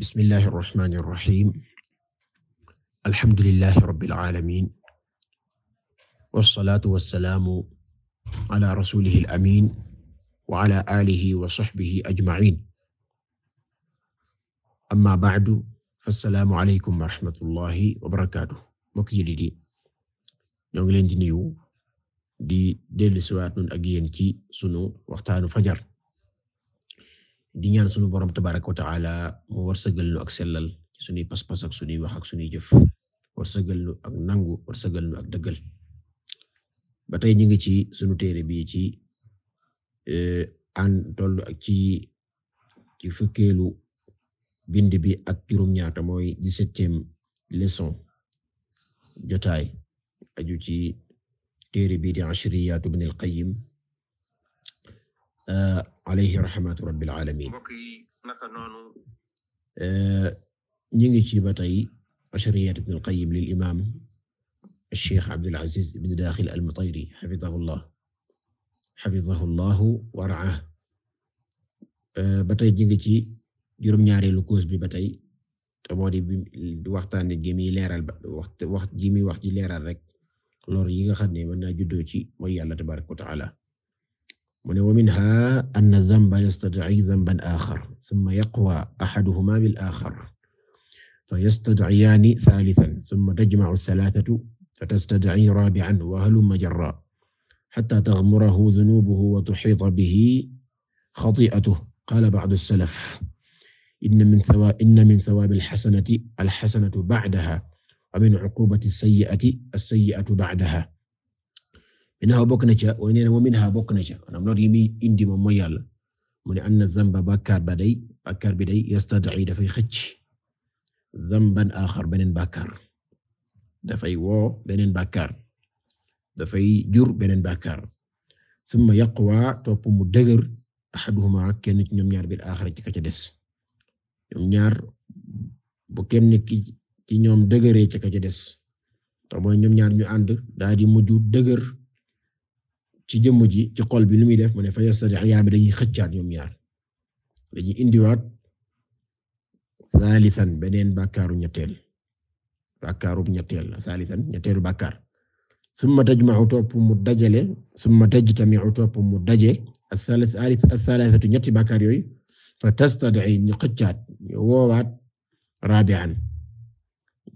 bismillahi irrahmani irrahim alhamdulilahi rabilalamin walsalaatu walsalaamu ala rasulihi alamin wa ala alihi wa saxbihi ajmain amma baadu fassalaamu aleykum wa rahmatullahi wa barakaatuh mbokk jili di ñoo ngi leen di nuyu di dellusiwaat nun ak yéen ci sunu waxtaanu fajar di ñaan sunu borom tabaraka wa taala mu wërsëgal nu ak sellal ci sunuy pas ak sunuy wax ak sunuy jëf wërsëgal nu ak nangu wërsëgal nu ak dëggal ba tey ñu ngi ci sunu téere bi ci e, an toll ak ci ci fukkeelu bind bi ak juróom-ñaata mooy dix-septième leçon jotay aju ci téere bi di Ashriyat Ibn al-Qayyim e, alayhi rahmatu rabbil alamin mbokk yi naka noonu ñu ngi ci ba tey ashriyat ibn al-Qayyim lil imam Cheikh Abdul Aziz ibn Dakhil al-Mutayri hafidahullah hafidahullah wa ra'ah ba tey ñu ngi ci juróom-ñaareelu bi ba tey te moo di waxtaane gi muy leeral wax wax ji muy wax ji leeral rek lor yi nga xam ne mën naa juddoo ci mooy Yàlla tabaraka mu ne wa minha anna dhanba yastad'i dhanban akhar thumma yaqwa ahaduhuma bil akhar fayastad'iyaani thalithan thumma tajma'u ath-thalathatu fatastad'i rabi'an wa halumma jarra hatta taghmurahu dhunubuhu wa tuhita bihi khati'atuhu qala ba'du as-salaf inna min thawaab inna min thawaabi al-hasanati al-hasanatu ba'daha wa min 'uqubati as-sayyi'ati as-sayyi'atu ba'daha minha bokk na ca waaye nee na wa bokk na ca maanaam loolu yi muy indi moom mooy yàlla mu ne anna zamba bàkkaar ba day bàkkaar bi day yastad'i dafay xëcc zamban axar beneen bàkkaar dafay woo beneen bàkkaar dafay jur beneen bàkkaar summa yaqwa topp mu dëgër ahaduhuma kenn ci ñoom ñaar bil axar ci ka ca des ñoom ñaar bu kenn ki ñoom dëgëree ci ka ca des te mooy ñoom ñaar ñu ànd daa mujj dëgër ci jëmm ji ci xol bi nu muy def mu ne fa yastariyaani dañuy xëccaat ñoom ñaar dañuy indiwaat saalisan beneen bàkkaaru ñetteel bàkkaaru ñetteel saalisan ñetteelu bàkkaar summa tajma'u topp mu dajale summa tajtami'u topp mu daje as-saalisatu ñetti bàkkaar yooyu fa tastad'i ñu xëccaat ñu woowaat rabi'an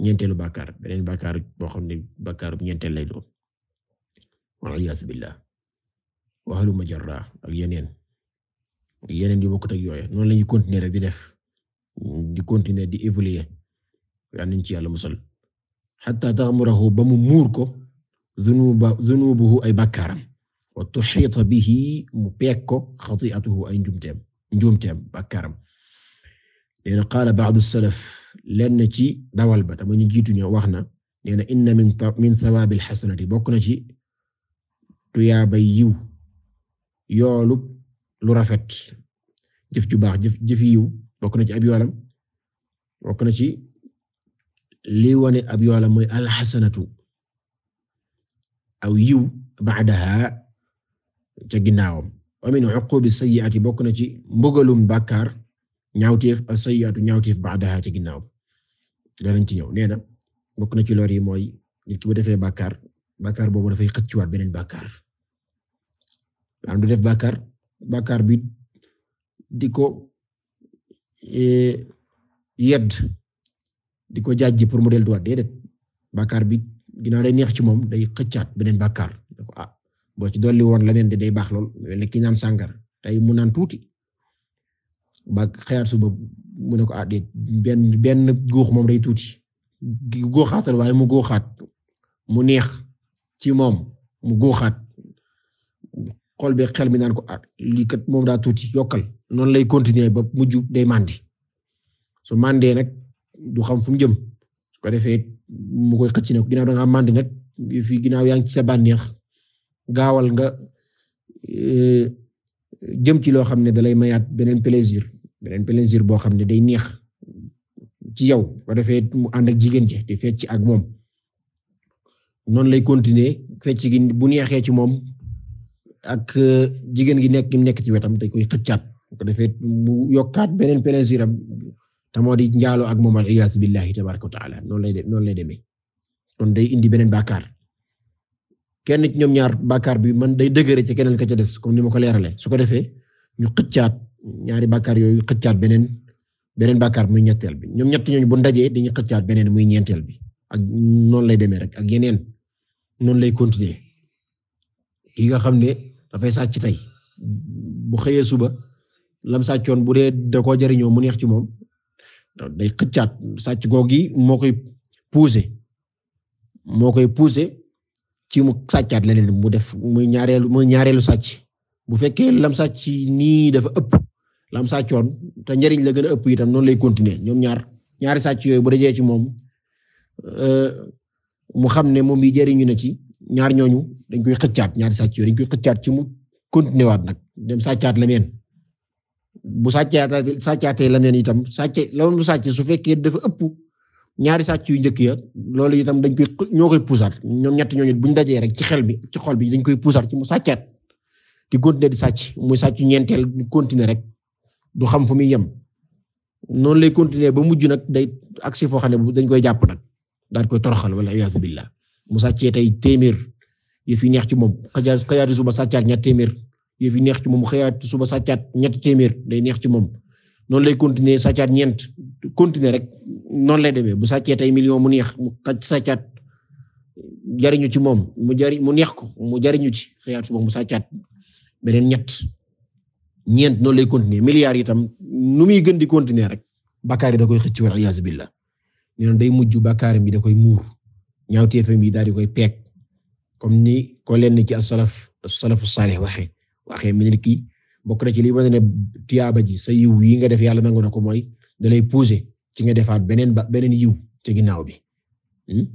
ñeenteelu bàkkaar beneen bàkkaar boo xam ne bàkkaaru ñeenteel lay doon wal iyaazu billah wa halumma jarraa ak yeneen yeneen yu bokkut ak yooyu noonu lañuy continuer rek di def di continuer di évoluer yal nañ ci yàlla musal hatta taghmurahu ba mu muur ko zunuba zunubuhu ay bakkaaram wa bi bihi mu peeg ko xati'atuhu ay njuumteem njuumteem bakkaaram nee na qaala ba'du salaf lenn ci dawal ba tama ñu jiitu ñu wax na nee na inna min min thawaabil hasanati bokk na ci tuyaabay yiw yoolu lu rafet jëf ju baax jëf jëf yiw bokk na ci ab yoolam bokk na ci lii wane ab yoolam mooy alxasanatu aw yiw ba'daha ca ginnaawam wa min uqubi sayyi'ati bokk na ci mbugalum bàkkaar ñaawteef as-sayyi'atu ñaawteef ba'daha ca ginnaawam danañ ci ñëw nee na bokk na ci lor yi mooy nit ki bu defee bàkkaar bàkkaar boobu dafay xëccuwaat beneen bàkkaar maanaam du def bàkkaar bàkkaar bi di ko e, yedd di ko jaajji pour mu delluwaat déedéet bàkkaar bi ginnaaw day neex ci moom day xëccaat beneen bakkar da ko ah, boo ci dolli woon leneen de day baax lool mel ni ki naan sàngar tey mu naan tuuti ba xëyaat suba mu ne ko ah déet benn benn moom day tuuti góoxaatal waaye mu góoxaat mu neex ci moom mu góoxaat xol bi xel mi naan ko ah lii kat moom daa tuuti yokkal noonu lay continuer ba mujj day mandi su mandee nag du xam fu jëm su ko defee mu koy xëcc nag nag fii ginnaaw yaa ngi bànneex gaawal nga eh, jëm ci loo xam ne dalay mayaat beneen plaisir beneen plaisir boo xam ne day neex ci yow su ko mu ànd ak jigéen ji di fecc ak moom noonu lay continuer fecc gi bu neexee ci moom. ak uh, jigéen gi nekk ki nekk ci wetam dañ koy xëccaat bu ko defee mu yokkaat beneen plaisir am te moo di njaaloo ak moom al-iyaas billahi tabaaraka wa taala noonu lay noonu lay demee kon day indi beneen bàkkaar kenn ci ñoom ñaar bàkkaar bi man day dëgëre ci keneen ka ca des comme ni ma ko leeralee su ko defee ñu xëccaat ñaari bàkkaar yooyu xëccaat beneen beneen bàkkaar muy ñetteel bi ñoom ñett ñooñu bu ndajee dañuy xëccaat beneen muy ñeenteel bi ak noonu lay demee rek ak yeneen noonu lay continuer ki nga xam ne dafay sàcc tey bu xëyee suba lam sàccoon bu dee da koo jariñoo mu neex ci moom day këccaat sàcc goog yi moo koy pousser moo koy pousser ci mu sàccaat leneen mu def muy ñaareelu muy ñaareelu sàcc bu fekkee lam sàcc nii dafa ëpp lam sàccoon te njariñ la gën a ëpp itam noonu lay continuer ñoom ñaar ñaari sàcc yooyu bu dajee ci moom euh, mu xam ne moom yi jariñu na ci ñaar ñooñu dañ koy xëccaat ñaari sàcc yooyu dañ koy xëccaat ci mu continué waat nag dem sàccaat leneen bu sàccaatee sàccaatee leneen itam sàcce loolu sàcce su fekkee dafa ëpp ñaari sàcc yu njëkk ya loolu itam dañ koy ñoo koy pusaat ñoom ñett ñooñu buñ dajee rek ci xel bi ci xol bi dañ koy pusaat ci mu sàccaat di continuer di sàcc muy sàcc ñeenteel di continuer rek du xam fu muy yem noonu lay continuer ba mujj nag day agsi foo xam ne dañ koy jàpp nag daal koy toroxal wala iyaazu billah bu sàccee tey téeméer yëf yi neex ci moom xëyaati suba sàccaat ñetti téeméer yëf yi neex ci moom xëyaati suba sàccaat ñetti téeméer day neex ci moom noonu lay continuer sàccaat ñeent continuer rek noonu lay demee bu sàccee tey million mu neex mu xaj sàccaat jariñu ci moom mu jari mu neex ko mu jariñu ci xëyaat suba mu sàccaat beneen ñett ñeent noonu lay continuer milliards itam nu muy gën di continuer rek bakkaar yi da koy xëcc wal iyaazu billah nee na day mujj bakkaar bi da koy muur ñaawteefam yi daal di koy peeg comme ni ko leen ci as-salaf as-salafu saalih waxee waxee mu ne ci li wane ne tiyaaba ji sa yiw yi nga def yàlla nangu na ko mooy dalay lay ci nga defaat beneen ba beneen yiw ci ginnaaw bi hmm?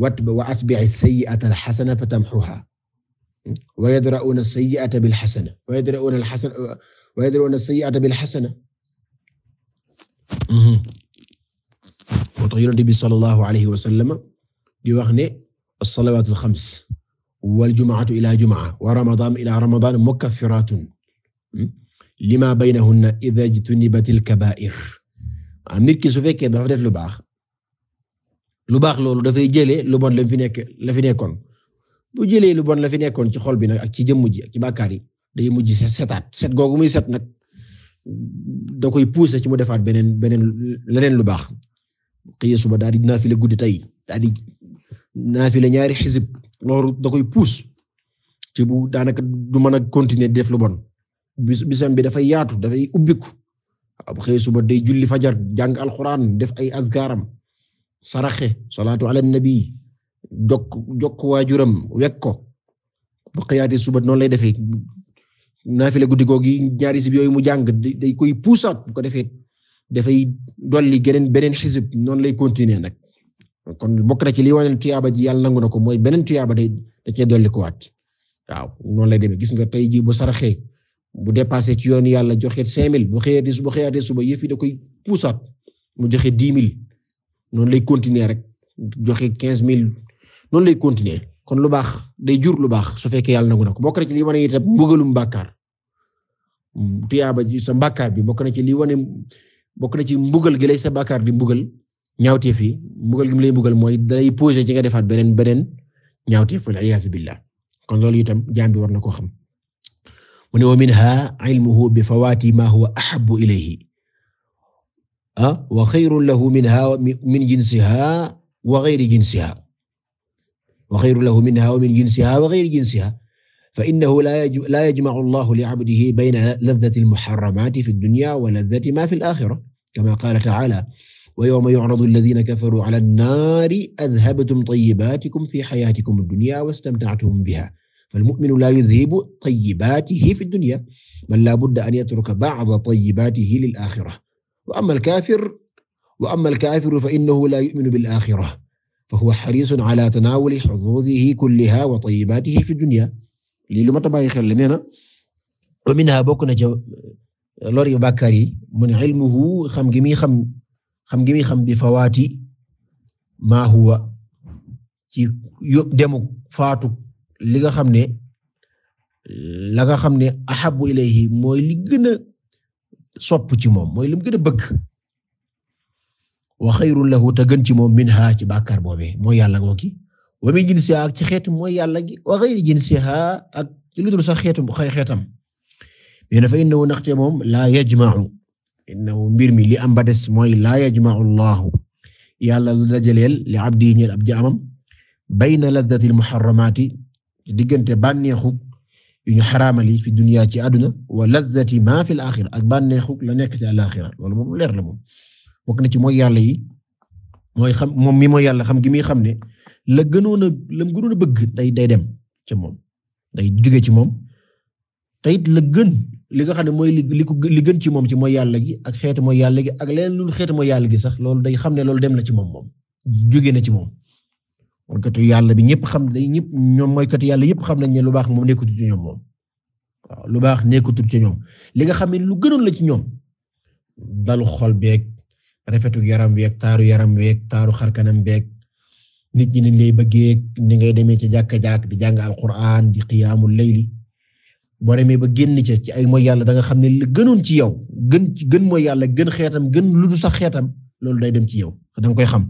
wat wa atbi'i sayyi'ata al-hasana fatamhuha hmm? wa yadra'una as-sayyi'ata bil-hasana wa yadra'una al-hasana wa yadra'una as-sayyi'ata bil-hasana hmm. bi sallallahu alayhi wa di wax ne as-salawaatul xams wal jumu'atu ila jumu'a wa ramadaan ila ramadaan mukaffiratun hmm, lima baynahunna idha ijtunibatil kabaa'ir nit ki su fekkee dafa def lu baax lu baax loolu dafay jëlee lu bon la fi nekk la fi nekkoon bu jëlee lu bon la fi nekkoon ci xol bi nag ak ci jëmm ji ak ci bàkkaar yi day mujj setaat set googu muy set nag da koy pousser ci mu defaat beneen beneen leneen lu baax xëy suba daal di naafile guddi tey naafile ñaari xisib loolu da koy puus ci bu daanaka du mën a continuer def lu bon bisam bi dafay yaatu dafay ubbiku bu xëy suba day julli fajar jàng alxuraan def ay azkaaram saraxe salaatu ala nabi jokk jokk wek ko bu xëyaatee suba noonu lay defee naafile guddi googi ñaari xisib yooyu mu jàng day koy puusaat ko defee dafay dolli geneen beneen xisib noonu lay continuer nag kon bokk na ci li waneel tuyaaba ji yàlla nangu na ko mooy beneen tuyaaba day da cee ko waat waaw noonu lay demee gis nga tey jii bu saraxee bu dépassé ci yoon yàlla joxe 5000 bu xëyatee su bu xëyatee suba yëf da koy puusaat mu joxe 10000 noonu lay continuer rek joxe 15000 noonu lay continuer kon lu baax day jur lu baax su fekkee yàlla nangu na ko bokk na ci li wane itam mbugalum bàkkaar mm, tuyaaba ji sa bàkkaar bi bokk na ci li wane bokk na ci mbugal gi lay sa bàkkaar di mbugal ñaawteef yi mbugal gi mu lay mbugal mooy dalay poser ci nga defaat beneen beneen ñaawteef wal iyaazu billah kon loolu itam jaam bi war na koo xam mu ne wa minha ilmuhu bi fawaati ma huwa ahabbu ilayhi ah wa xayrun lahu minha min jinsiha wa ghayri jinsiha wa xayrun lahu minha wa min jinsiha wa ghayri jinsiha fa innahu la yajma'u Allahu li'abdihi bayna ladhati al-muharramati fi ad-dunya wa ladhati ma fi al-akhirah kama qala ta'ala wa yawma yu'radu alladhina kafaru 'ala an-nari adhabtum tayyibatikum fi hayatikum ad-dunya wastamta'tum biha فالمؤمن لا يذهب طيباته في الدنيا بل لا بد أن يترك بعض طيباته للآخرة وأما الكافر وأما الكافر فإنه لا يؤمن بالآخرة فهو حريص على تناول حظوظه كلها وطيباته في الدنيا lii lu ma bàyyi xel nee na ومنها bokk na ca lor yu bàkkaar yi mu ne ilmuhu xam gi mi xam xam ngi muy xam bi fawaati maa huwa ci yób faatu li nga xam ne la nga xam ne ahabu ilayhi mooy li sopp ci moom mooy li mu gën a bëgg wa xayrun lahu te gën ci moom minha ci bàkkaar boobee mooy yàlla ngoo ki wa min jinsiha ak ci xeet mooy yàlla wa wa xayri jinsiha ak ci lu dul sax xeetu xay xeetam mais fa innahu naqte moom la yajma'u innahu mbir mi li am ba des mooy laa yajma'u Allahu yàlla la dajaleel li abdi ñeel ab jaamam bayna laddatil muharramaati diggante bànneexu yu ñu xaraamal yi fi dunya ci àdduna wa laddati ma fil axira ak bànneexu la nekk ci àlaxira loolu moom leer la moom bokk na ci mooy yàlla yi mooy xam moom mi mooy yàlla xam gi muy xam ne la gënoon a la gënoon a bëgg day day dem ci moom day jóge ci moom te la gën li nga xam ne mooy li li gën ci moom ci mooy yàlla gi ak xeetu mooy yàlla gi ak leneen lu xeet mooy yàlla gi sax loolu day xam ne loolu dem na ci moom moom jóge na ci moom moykatu yàlla bi ñëpp xam day ñëpp ñoom mooykatu yàlla yëpp xam nañ ne lu baax moom nekkatul ci ñoom moom waaw lu baax nekkatul ci ñoom li nga xam ne lu gënoon la ci ñoom dalu xol beeg rafetu yaram weeg taaru yaram weeg taaru xarkanam beeg nit ñi ni lay bëggee ni ngay demee ci jàkka jàkk di jàng alquran di qiyaamul layli boo demee ba génn ca ci ay mooy yàlla da xam ne li gënoon ci yow gën ci gën mooy yàlla gën xeetam gën lu du sax xeetam loolu day dem ci yow da koy xam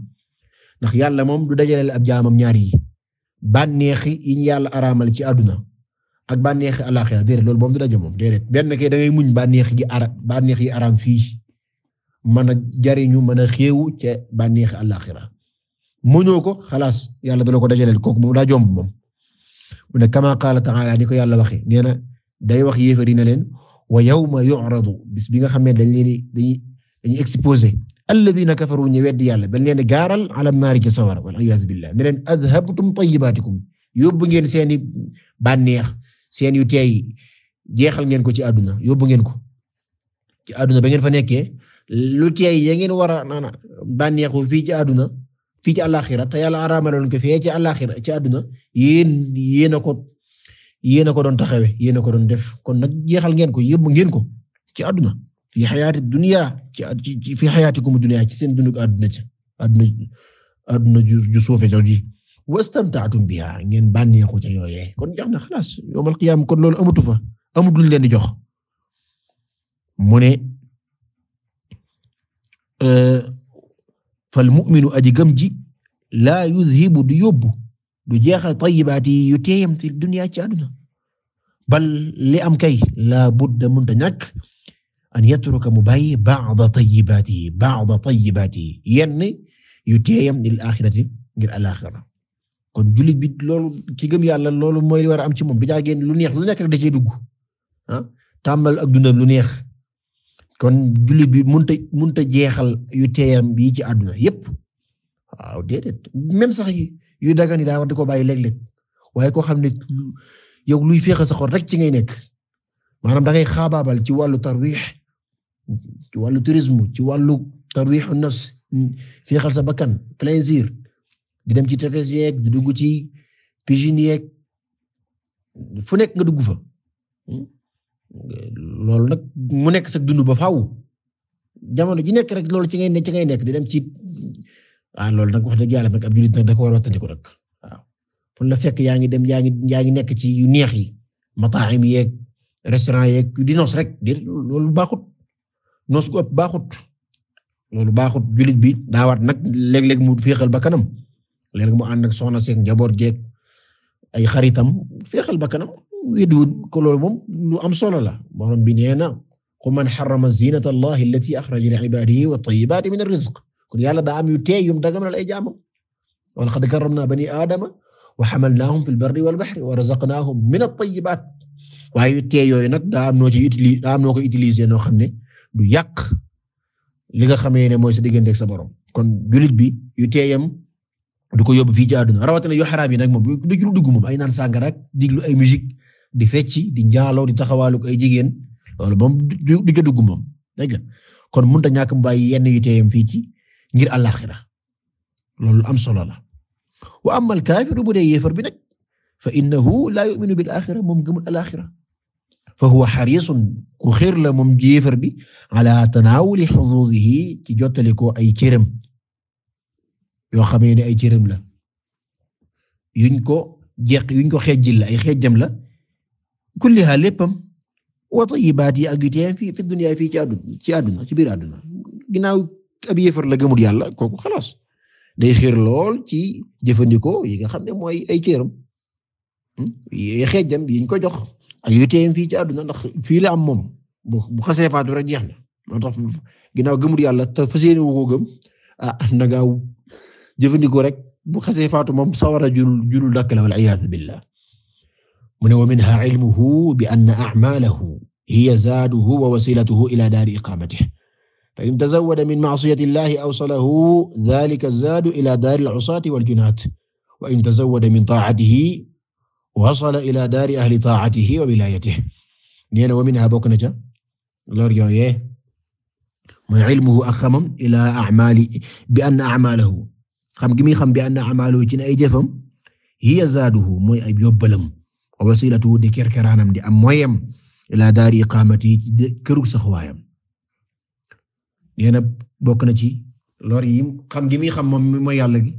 ndax yàlla moom du dajaleel ab jaamam ñaar yi bànneexi yi ñu yàlla araamal ci àdduna ak bànneexi àllaaxira déedéet loolu moom du daje moom déedéet benn kay da ngay muñ bànneex gi ara bànneex yi araam fii mën a jariñu mën a xéewu ca bànneexi àllaaxira muñoo ko xalaas yàlla da la ko dajaleel kooku moom daa jomb moom mu ne kama qaala ta'ala ni ko yàlla waxe day wax yéefari na leen wa yawma yu'radu bis bi nga xam ne dañ leen di dañuy exposé alladhina kafaru ñu weddi yàlla dañ leen di gaaral ala naari ci sawara wal iyaazu billah ne leen adhabtum tayyibaatikum yóbbu ngeen seeni bànneex seen yu teey jeexal ngeen ko ci àdduna yóbbu ngeen ko ci àdduna ba ngeen fa nekkee lu teey ya ngeen war a naan bànneexu fii ci àdduna fii ci àllaxira te yàlla araamaloon ko fee ci àllaxira ci àdduna yéen yéen a ko yéen a ko doon taxawee yéen a ko doon def kon nag jeexal ngeen ko yëbb ngeen ko ci àdduna fi xayaati dunya ci fi xayaatikum dunya ci seen dundug àdduna ci àdduna àdduna ju suufe jawji wastamta'tum biha ngeen bànneexu ca yooyee kon jeex na xalaas yawmal qiyaam kon loolu amatu fa amatul leen di jox mu ne euh, fal mu'minu aji gëm ji laa yuzhibu di yóbbu du jeexal tayyibaat yi yu teeyam ti dunya ci àdduna bal li am kay la budda munta ñàkk an yatruka mu bàyyi ba'da tayyibaat yi ba'da tayyibaat yi yenn yu teeyam lil axirati ngir alaxira kon jullit bi lool ki gëm yàlla loolu mooy li war a am ci moom du jaageen lu neex lu nekk rek da cee dugg ah tàmmal ak lu neex kon jullit bi munta munta jeexal yu teeyam yi ci àdduna yépp yuy dagan yi daa war di ko bàyyi léeg-léeg waaye koo xam ne yow luy féexe sa xol rek ci ngay nekk maanaam da ngay xaabaabal ci wàllu tarwix ci wàllu tourisme ci wàllu tarwixu nafs féexal sa bakkan plaisir di dem ci tefes yeeg di dugg ci piscine yeeg fu nekk nga dugg fa hmm? loolu nag mu nekk sa dund ba faaw jamono ji nekk rek loolu ci ngay ne ci ngay nekk di dem ci ah loolu nag wax dëgg yàlla nag ab jullit nag da ko war a wattandiku nag waaw fu la fekk yaa ngi dem yaa ngi yaa ngi nekk ci yu neex yi mataa'im yeeg restaurant yeeg di noos rek di loolu baaxut noos gu ëpp baaxut loolu baaxut jullit bi daa war nag léeg-léeg mu féexal ba kanam léeg-léeg mu ànd ak soxna seeg njaboot geeg ay xaritam féexal ba kanam wédu ko loolu moom lu am solo la borom bi nee na qul man harrama zinata allahi allati akhraja li ibadihi wat tayyibati min ar-rizq kon yàlla daa am yu tee yum daganal ay jaamam wa laqad karramna bani aadama wa hamalnaahum fil barri wal bahri wa razaqnaahum min at-tayyibaat waaye tee yooyu nag daa am noo ci utiliser daa am noo ko utiliser noo xam ne du yàq li nga xamee ne mooy sa digganteeg sa borom kon jullit bi yu teeyam du ko yóbbu fii ci àdduna rawatina yu xaraam yi nag moom du julu dugg moom ay naan sàngara ak diglu ay musique di fecci di njaaloo di taxawaalu ay jigéen loolu moom du ca dugg moom kon mënut a ñàkk mu bàyyi yenn yu teeyam fii ci ngir àllaxira loolu am solo la wa amal kaafiru bu dee yéefar bi nag fa innahu laa yu'minu bil axira moom gëmul alaxira fa huwa xarisun ku xir la moom yéefar bi ala tanaawuli xuduudihi ci jottali ko ay cëram yoo xamee ne ay cëram la yuñ ko jeex yuñ ko xeejjil la ay xeejjam la kulliha léppam wa tayibaat yi ak yu fi fii ci àdduna ci àdduna ci biir àdduna ab yéefar la gëmul yàlla kooku xalaas day xiir lool ci jëfandikoo yi nga xam ne mooy ay cëram hmm, yi xeejam yiñ ko jox ak yu teem fii ci àdduna ndax fii la am moom bu bu xasee faatu rek jeex na moo tax yàlla te fas yéene ah, gaaw jëfandikoo rek bu xasee faatu moom sawara julul julul dakk la wal iyaadu billah mu ne wa minha ilmuhu bi anna a'malahu hiya zaaduhu wa wasilatuhu ila daari iqaamatihi fa in tazawwada min ma'siyati llahi awsalahu dhalika zaadu ila daari al-'usaati wal-junaat wa in tazawwada min taa'atihi wasala ila daari ahli taa'atihi wa wilaayatihi nee na wa minha bokk na ca lor yooyee mooy ilmuhu ak xamam ila a'maali bi anna a'maalahu xam gi muy xam bi anna a'maalahu ci ay jëfam hiya zaaduhu mooy ay yóbbalam wa wasiilatuhu di kerkeraanam di am mooyam ila daari iqaamatihi ci këru saxwaayam nee na bokk na ci lor yi xam gi muy xam moom mooy yàlla gi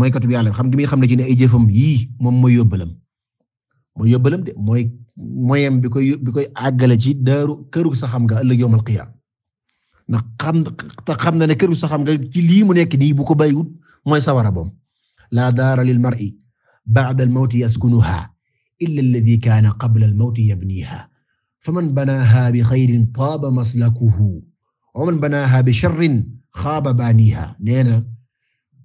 mooy katub yàlla xam gi muy xam ne ci ne ay jëfam yii moom mooy yóbbalam mooy yóbbalam de mooy moyem bi koy bi koy àggale ci daaru këru saxam xam nga ëllëg yawmal qiyaam ndax xam na ne këru sa xam ci lii mu nekk nii bu ko bàyyiwut mooy sawara boom laa daara lil mar'i ba'da al mawti yaskunuha illa alladhi kaana qabla al mawti yabniha faman banaaha bi khayrin taaba maslakuhu wa man banaaha bi sharrin xaaba baaniha nee na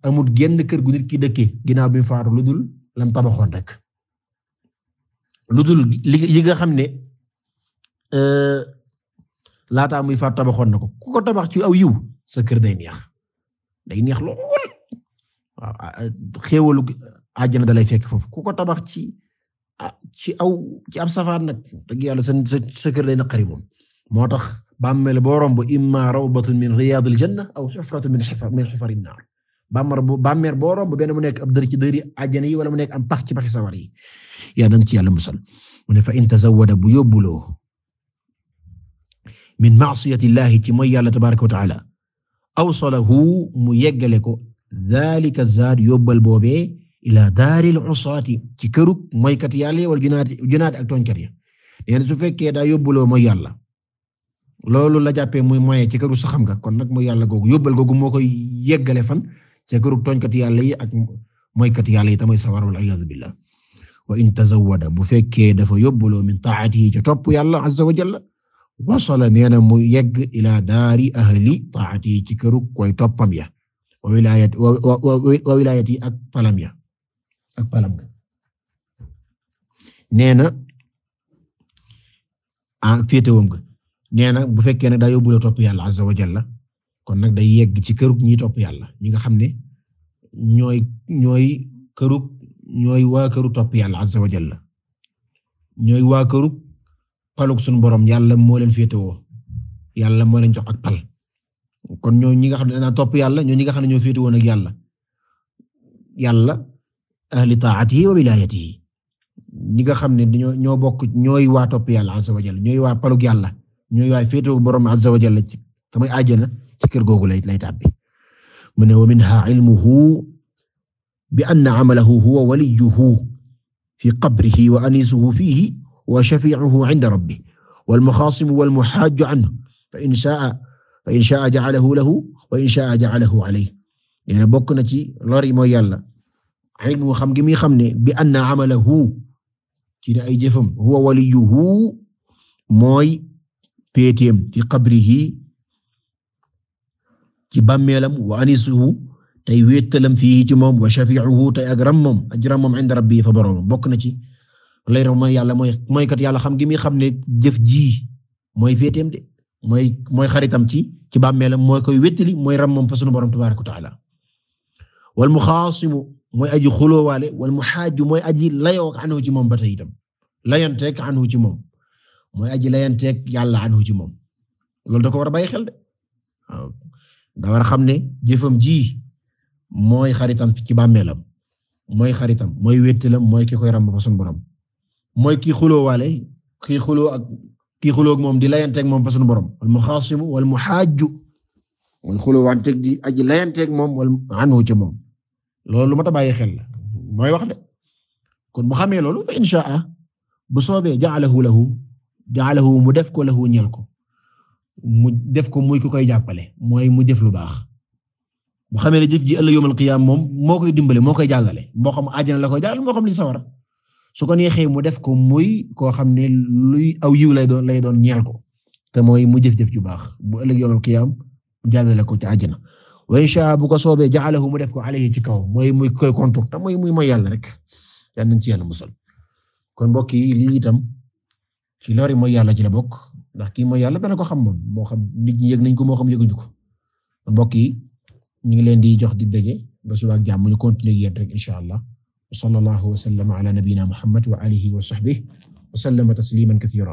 amul genn kër gu nit ki dëkke ginnaaw bi mu faatu lu dul lam tabaxoon rek lu dul yi nga xam ne euh, laataa muy faatu tabaxoon na ko ku ko tabax ci aw yiw sa kër day neex day neex lool waaw xéewalu àjjana dalay fekk foofu ku ko tabax ci ci aw ci ab safaan nag dëgg yàlla sa sa kër day naqari moom moo tax bàmmeel boo romb imma rawbatun min riyaadil janna aw xufratun min xifar min xifarin naar bàmmar bu bàmmeel boo romb benn mu nekk ab dër ci dëri àjjana yi wala mu nekk am pax ci paxi sawar yi yaa dañ ci yàlla musal mu ne fa in tazawwada bu yóbbuloo min ma'siyati llahi ci mooy yàlla tabaaraka wa ta'ala awsalahu mu yeggale ko dhalika zaad yóbbal boobee ila daaril usaati ci kërug mooykat yàlla wala junaat junaat ak tooñkat ya yéen su fekkee daa yóbbuloo mooy yàlla loolu la jàppe muy moyen ci këru saxam nga kon nag mooy yàlla googu yóbbal googu moo koy yeggale fan ci këru tooñkat yàlla yi ak yàlla yi tamit sawar wal wa in tazawwada bu fekkee dafa yóbbaloo min ta'atihi ci topp yàlla azza wa jalla wasala nee na mu ci këru koy toppam ya wa wilayati ak palam ya ak palam ga nee a ah, féetewam ga nee na bu fekkee ne daa yóbbu la topp yàlla azza wa kon nag day yegg ci kërug ñi topp yàlla ñi nga xam ne ñooy ñooy kërug ñooy waa këru topp yàlla azza wa jalla ñooy waa kërug palug suñu borom yàlla moo leen féetewoo moo leen jox ak pal kon ñi nga xam ne danaa topp yàlla ñoo ñi nga xam ne ñoo féetewoo nag yàlla yàlla ahli ta'atihi wa ñi nga xam ne dañoo ñoo bokk ñooy waa topp yàlla azza jalla ñooy waa palug yàlla ñooy waay féetoo borom azza wa jalla ci tamay àjjana ci kër googu lay lay tàbbi mu ne wa minha ilmuhu bi anna amalahu huwa waliyuhu fi qabrihi wa anisuhu fihi wa shafi'uhu 'inda rabbih wal mukhasimu wal muhaaju 'anhu fa in sha'a fa in sha'a ja'alahu lahu wa in sha'a ja'alahu 'alayhi yene bokk na ci lor yi mooy yàlla ilmu xam gi muy xam ne bi anna amalahu ci ay jëfam huwa waliyuhu mooy péeteem fi qabrihi ci bàmmeelam wa anisuhu tey wéttalam fii ci moom wa shafi'uhu tey ak rammam ajram moom inda rabbi fa borom bokk na ci lay raw mooy yàlla mooy mooy kat yàlla xam gi mi xam ne jëf ji mooy féeteem de mooy mooy xaritam ci ci bàmmeelam mooy koy wéttali mooy rammam fa sunu borom tabaaraka wa taala wal muxaasimu mooy aji xuloowaale wal mu muxaaju mooy aji layoo anhu ci moom ba tey itam layanteeg anhu ci moom mooy aji layanteeg yàlla anhu ci moom loolu da ko war a bàyyi xel de waaw da war a xam ne jëfam ji mooy xaritam ci bàmmeelam mooy xaritam mooy wéttalam mooy ki koy ràmb fa borom mooy kii xuloo waale kii xuloo ak kii xuloo moom di layanteeg moom fa sunu borom wal muxaasimu wal muxaaju mooy xuloo wanteeg di aji layanteeg moom wal anhu ci moom loolu lu mat a bàyyi xel la mooy wax de kon bu xamee loolu fa inshaa bu soobee ja'alahu lahu jaalahu mu def ko la lahu ñeel ko mu def ko muy ku koy jàppale mooy mu jëf lu baax bu xamee ne jëf ji ëllëg yawmal qiyaam moom moo koy dimbale moo koy jàllale moo xam àjjana la koy jàllale moo xam li sawara su ko neexee mu def ko muy koo xam ne luy aw yiw lay doon lay doon ñeel ko te mooy mu jëf ju baax bu ëllëg yawmal qiyaam jàllale ko ci àjjana wa insha bu ko soobee ja'alahu mu def ko alayhi ci kaw mooy muy koy kontur te mooy muy mooy yàlla rek yal nañ ci yàlla musal kon mbokk yi lii itam ci lori mooy yàlla ci la bokk ndax kii mooy yàlla dana ko xam moom moo xam nit ñi ko moo xam yëguñu ko mbokk yi ñu ngi leen di jox di daje ba suba ak jàmm ñu continuer yéen rek incha allah wa sallallahu wa sallama ala nabiyyina muhammad wa alihi wa sahbihi wa sallama tasliman kathira